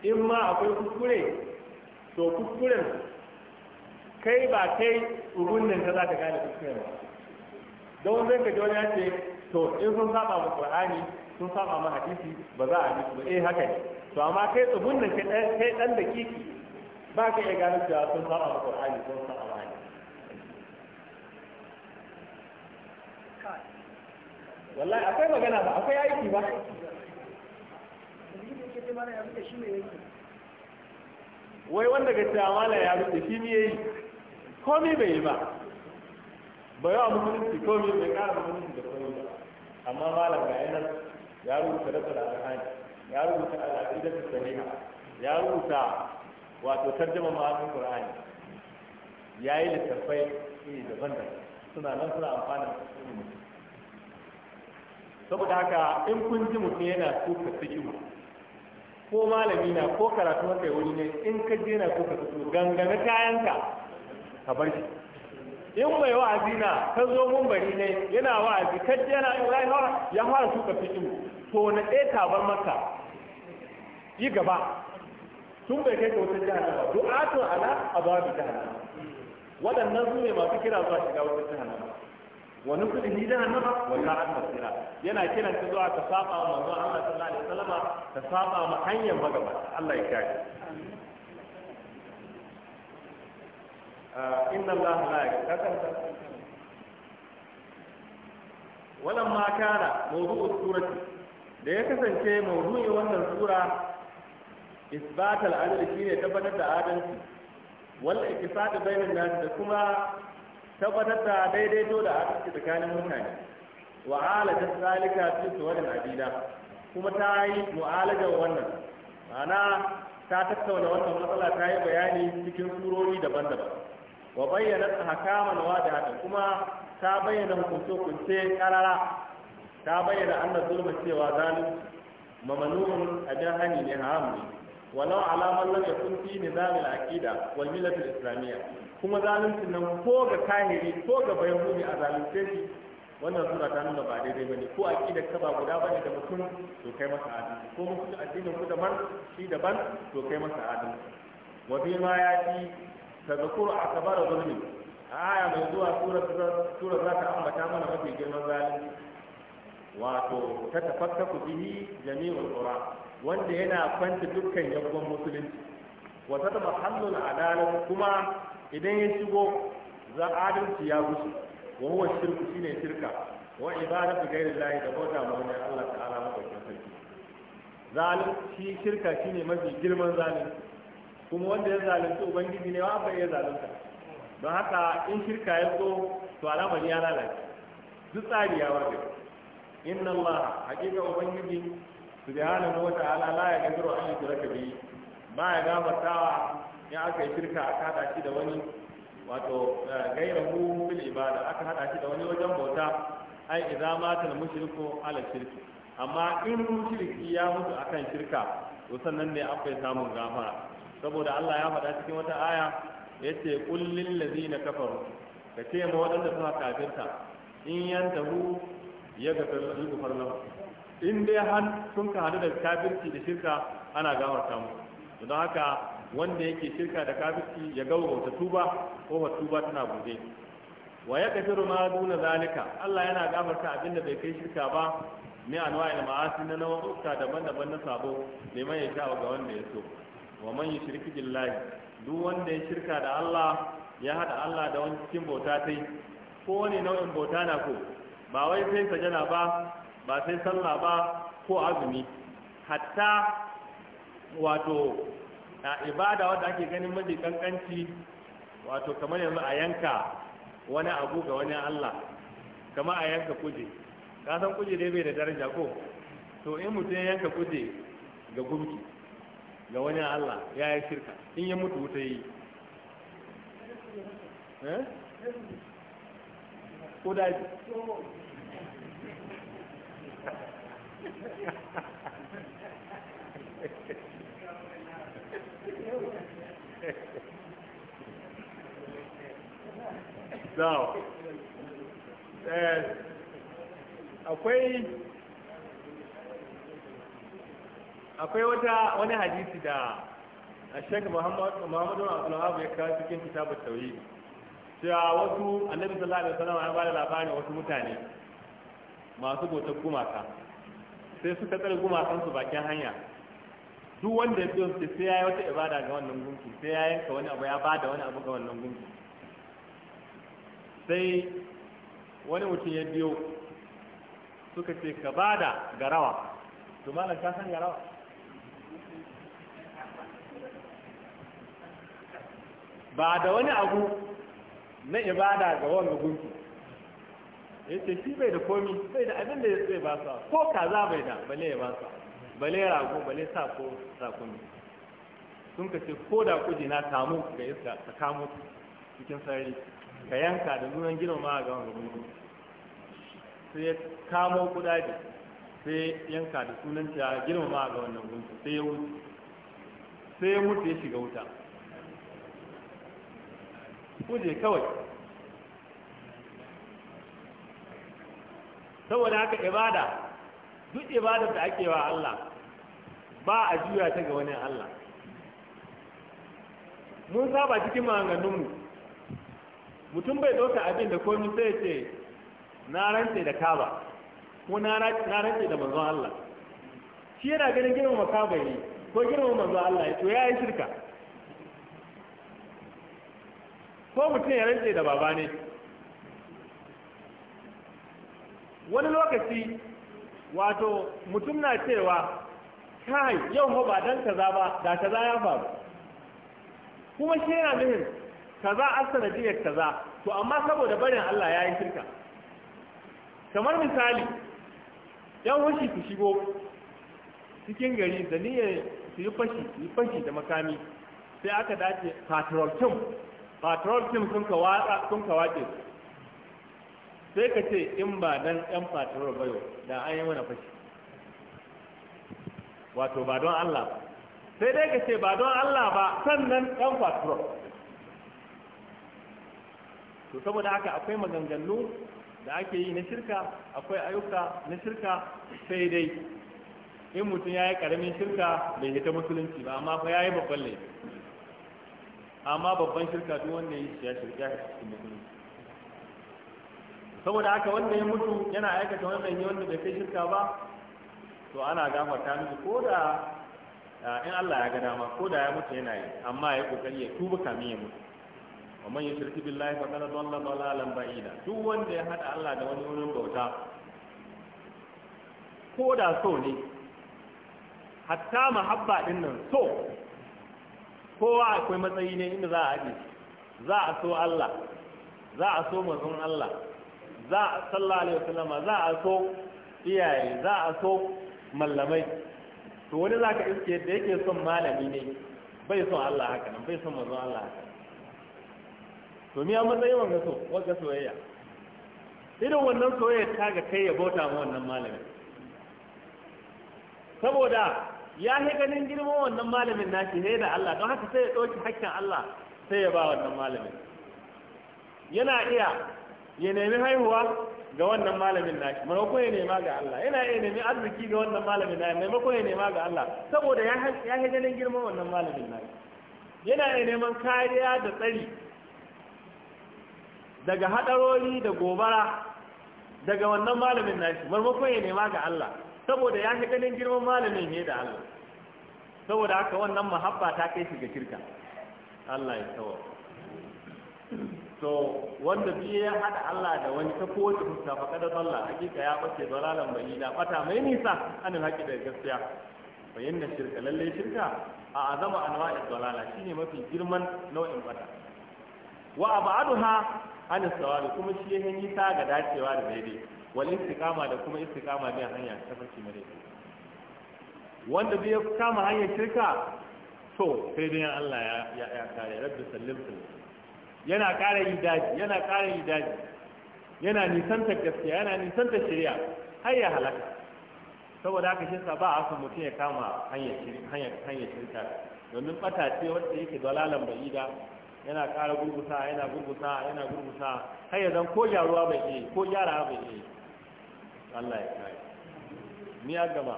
in ma akwai kuskure to kuskuren kai ba kai ugun nan ta za ka gane kuskuren ba don wanda ka ji wani ya ce to in sun saba mu qur'ani sun saba mu hadisi ba za a bi ba eh haka ne to amma kai tsubun nan kai dan kai dan kiki ba ka iya gano cewa sun saba mu qur'ani sun saba mu hadisi wallahi akwai magana ba akwai aiki ba wai wanda ga cewa mala ya rubuta shi ne yayi komai bai yi ba bai wa musulunci ko me bai kara musulunci da komai ba amma malam ga yanar ya rubuta da alhani ya rubuta da sahiha ya rubuta wato tarjuma ma'anin qur'ani yayi littafai iri daban da suna nan suna amfana da su saboda haka in kun ji mutum yana kuka mu, ko malami na ko karatu maka yi wuri ne in ka je na kuka sikimu gangana kayanka ka bar shi in mai wa'azi na ka zo mun bari ne yana wa'azi kaje yana ya fara suka fitin to na ɗaya tabar maka yi gaba tun bai kai ka wutar jahannama du'atun ala jihar jahannama waɗannan su ne masu kira zuwa shiga wutar ni jihar nama wani wa sa'at masira yana kiran ta zuwa ka saba ma zuwa Allah sallallahu alaihi wasallama ka saba ma hanyar magabata Allah ya kyaye inna Allah la Wannan ma kana mawdu'u surati da ya kasance mawdu'i wannan sura isbat al-adl shine tabbatar da adalci wal iqtisad bainan nas da kuma tabbatar da daidaito da adalci tsakanin mutane wa ala zalika fi suwarin adila kuma ta yi mu'alaja wannan ma'ana ta tattauna wannan matsala ta yi bayani cikin surori daban-daban wa bayyana ahkaman wadiha kuma ta bayyana hukunce hukunce karara ta bayyana anna zulma cewa zalim mamnu'un abin hani ne haram ne walau ala man lam yakun fi nizam al-aqida wal millat al-islamiyya kuma zalunci nan ko ga kahiri ko ga bayyuni a zalunce shi wannan sura ta nuna ba daidai bane ko aqida ka ba guda bane da mutum to kai masa adalci ko mutum addinin ku daban shi daban to kai masa adalci wa bi ma ya ji tazkuru akbara zulmi yaya mai zuwa sura za ta ambata mana mafi girman zalunci wato ta tafakkaku bihi jami'ul qura wanda yana kwanta dukkan yankun musulunci wa ta mahallul adala kuma idan ya shigo adalci ya gushi wa huwa shirku shine shirka wa ibadatu ghairillahi da bauta ma wani Allah ta'ala madaukakin sarki zalunci shirka shine mafi girman zalunci kuma wanda ya zalunci ubangiji ne wa bai ya zalunta don haka in shirka ya zo to alamar ya lalace duk tsari ya warge inna allah hakika ubangiji subhanahu wa ta'ala la ya gadiru an raka bi ba ya gafartawa in aka yi shirka aka hada shi da wani wato eh, gairahu fil ibada aka hada shi da wani wajen bauta ai idza mata al mushriku ala shirki amma in mushriki ya mutu akan shirka to sannan ne akwai samun gafara saboda Allah ya faɗa cikin wata aya ya ce ƙullin lazi na kafaru ka ce ma waɗanda suna kafirta in yantahu ya ga kallahu gufar lahu in dai har sun ka hadu da kafirci da shirka ana gawar mu don haka wanda yake shirka da kafirci ya wata tuba ko tuba tana buɗe wa ya kafiru ma duna zalika Allah yana gafarta abinda bai kai shirka ba ni anwa'il ma'asi na nau'uka daban-daban na sabo neman ya sha ga wanda ya so wa man yushrik billahi duk wanda ya shirka da Allah ya hada Allah da wani cikin bauta sai ko wani nau'in bauta na ko ba wai sai sajada ba ba sai sallah ba ko azumi hatta wato a ibada wadda ake ganin mafi kankanci wato kamar yanzu a yanka wani abu ga wani Allah kamar a yanka kuje ka san kuje dai bai da daraja ko to in mutum ya yanka kuje ga gumki ga wani Allah ya yi shirka in ya mutu wuta yi eh? ko eh, akwai akwai wata wani hadisi da a shek Muhammadu Abdulwahab ya kawo cikin kitabut tauhid cewa wasu Annabi sallallahu alaihi wasallam ya bada labarin wasu mutane masu gotar gumaka sai suka tsare gumakan su bakin hanya duk wanda ya biyo su sai yi wata ibada ga wannan gunki sai ya yanka wani abu ya bada wani abu ga wannan gunki sai wani mutum ya biyo suka ce ka bada garawa to malam garawa ba da wani abu na ibada ga wanga gunki ya ce shi bai da komi bai da abin da ya tsaye ba sa ko kaza bai da bale ya ba sa bale rago bale sa ko komi sun ka ce ko da kuji na samu ga iska ta kamo cikin sarari ka yanka da nunan ma ga wanga gunki sai ya kamo kudaje sai yanka da sunan ta ma ga wannan gunki sai ya wuce sai ya mutu ya shiga wuta ku kawai saboda haka ibada duk ibada da ake wa Allah ba a juya ta ga wani Allah mun saba cikin maganganunmu mutum bai ɗauka abin da komi sai ce na rantse da kaba ko na rantse da manzon Allah shi yana ganin girmama kaba ne ko girmama manzon Allah ya to ya yi shirka ko mutum ya rantse da baba ne wani lokaci wato mutum na cewa kai yau ba dan kaza ba da kaza ya faru kuma shi yana nufin kaza asanadiyar kaza to amma saboda barin Allah ya yi shirka kamar misali yan washi su shigo cikin gari da niyyar su yi fashi yi fashi da makami sai aka dace patrol patrol team sun ka watsa sun ka wace sai ka ce in ba dan yan patrol bayo da an yi mana fashi wato ba don Allah ba sai dai ka ce ba don Allah ba sannan yan patrol to saboda haka akwai maganganu da ake yi na shirka akwai ayyuka na shirka sai dai in mutum ya yi ƙaramin shirka bai hita musulunci ba amma fa ya yi babban laifi amma babban shirka duk wanda ya ya shirka cikin mutum saboda haka wanda ya mutu yana aikata wannan ne wanda bai kai shirka ba to ana gafarta miki ko da in Allah ya ga dama ko da ya mutu yana yi amma ya kokari ya tuba kamin ya mutu wa man yushriku billahi faqad dalla dalalan ba'ida duk wanda ya hada Allah da wani wurin bauta ko da so ne hatta mahabba din nan so kowa akwai matsayi ne inda za a haɗe za a so Allah za a so mazun Allah za a sallallahu alaihi wasallama za a so iyaye za a so mallamai to wani za ka iske da yake son malami ne bai son Allah haka nan bai son mazun Allah haka to miya matsayi wanga so wanga soyayya irin wannan soyayya ta ga kai ya bauta ma wannan malamin saboda ya yi ganin girman wannan malamin nashi sai da Allah don haka sai ya ɗauki hakkin Allah sai ya ba wannan malamin yana iya ya nemi haihuwa ga wannan malamin nashi maimakon ya nema ga Allah yana iya nemi arziki ga wannan malamin nashi maimakon ya nema ga Allah saboda ya yi ganin girman wannan malamin nashi yana iya neman kariya da tsari daga hadarori da gobara daga wannan malamin nashi maimakon ya nema ga Allah saboda ya fi ganin girman malamin ne da Allah saboda haka wannan mahabba ta kai shi ga kirka. Allah ya tawo to wanda biye ya hada Allah da wani ta kowace fuska fa kada Allah hakika ya bace dalalan da bata mai nisa anin haƙi da gaskiya bayyana shirka lalle shirka a azama anwa'i dalala shine mafi girman nau'in bata wa abaduha anis sawali kuma shi yake ta ga dacewa da daidai wal istiqama da kuma istiqama biyan hanya ta farki mare wanda bai kama hanyar shirka to sai dai Allah ya ya kare rabbi sallimtu yana kare daji, yana kare daji, yana nisanta gaskiya yana nisanta shari'a har ya halaka saboda haka shi ba a san mutum ya kama hanyar hanyar hanyar shirka domin bata ce wanda yake dalalan ba'ida yana ƙara gurgusa yana gurgusa yana gurgusa har yanzu ko gyaruwa bai ko gyara bai iya Allah ya kare ni a gaba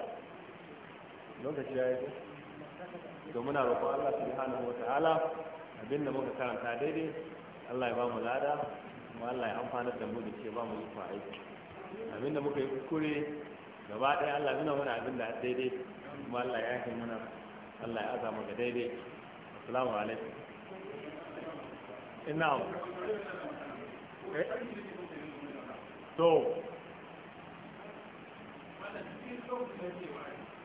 lokaci ya yi to muna roƙon Allah subhanahu wata'ala abin da muka karanta daidai Allah ya ba mu lada kuma Allah ya da mu da ke ba mu yi aiki abin da muka yi kuskure gaba ɗaya Allah nuna mana abin da daidai kuma Allah ya yi muna Allah ya aza mu ga daidai assalamu alaikum ina eh? to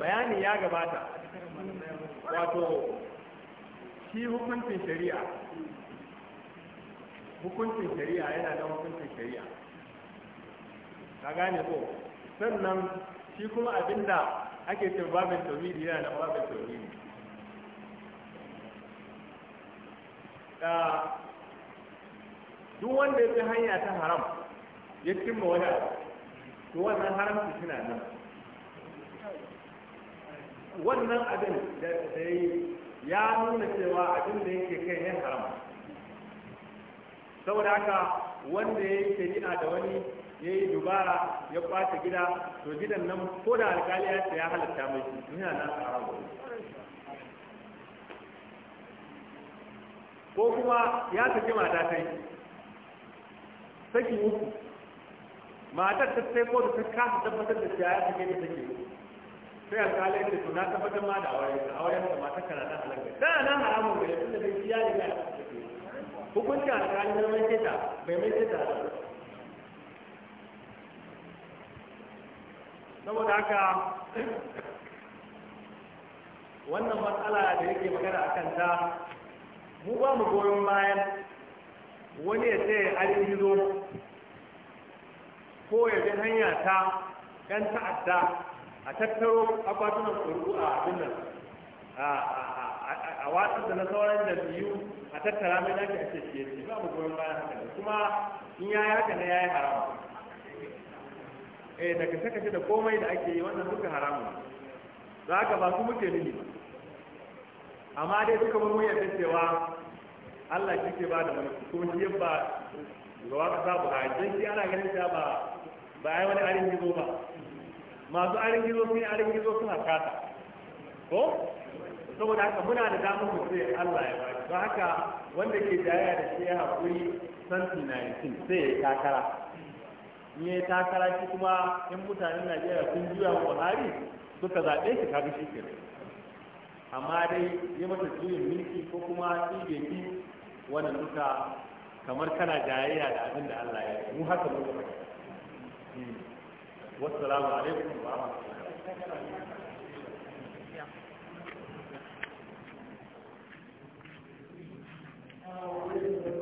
bayani ya gabata wato shi hukuncin shari'a hukuncin shari'a yana da hukuncin shari'a ka gane ko sannan shi kuma abinda ake cin babin tauhidi yana da babin tauhidi da duk wanda ya fi hanya ta haram ya cimma wani abu to wannan haramci suna nan wannan abin da ya yi ya nuna cewa abin da yake kai ne haram saboda haka wanda ya yi gina da wani ya yi dubara ya kwace gida to gidan nan ko da alkali ya ce ya halatta mai yana nan haram ko kuma ya saki mata ta yi saki uku matar ta sai ko ta kasa tabbatar da cewa ya sake ta saki uku sai alƙalai ya ce to na tabbatar ma da aure ka aure ka mata kana nan halaka da na haramun gare tunda bai ciya ne ga hukunci alƙalai na mai keta bai mai keta saboda haka wannan matsala da yake magana a kanta mu ba mu goyon bayan wani ya ce yi gizo ko ya bi hanya ta 'yan ta'adda a tattaro akwatunan ƙuri'u a abin nan a watsar da na sauran da biyu a tattara mai nake a cikin shi ba mu goyon bayan haka ne kuma in ya haka ne ya yi haramu eh daga saka da komai da ake yi wannan duka haramu za ka ba su muke nuni ba amma dai duka mun da cewa Allah shi ke ba da mulki kuma shi ba ga wata sabu a jan shi ana ganin ta ba ba ai wani arin zo ba masu arin gizo sun yi arin gizo suna kata ko saboda haka muna da damar mu sai Allah ya bari don haka wanda ke jaya da shi ya haƙuri santi yankin sai ya takara in ya takara shi kuma in mutanen Najeriya sun juya wa Buhari suka zaɓe shi kafin shi ke amma dai ya mata juyin mulki ko kuma tsige ki wannan duka kamar kana jayayya da abin da Allah ya yi mu haka mu wassalamu alaikum wa rahmatullahi Oh,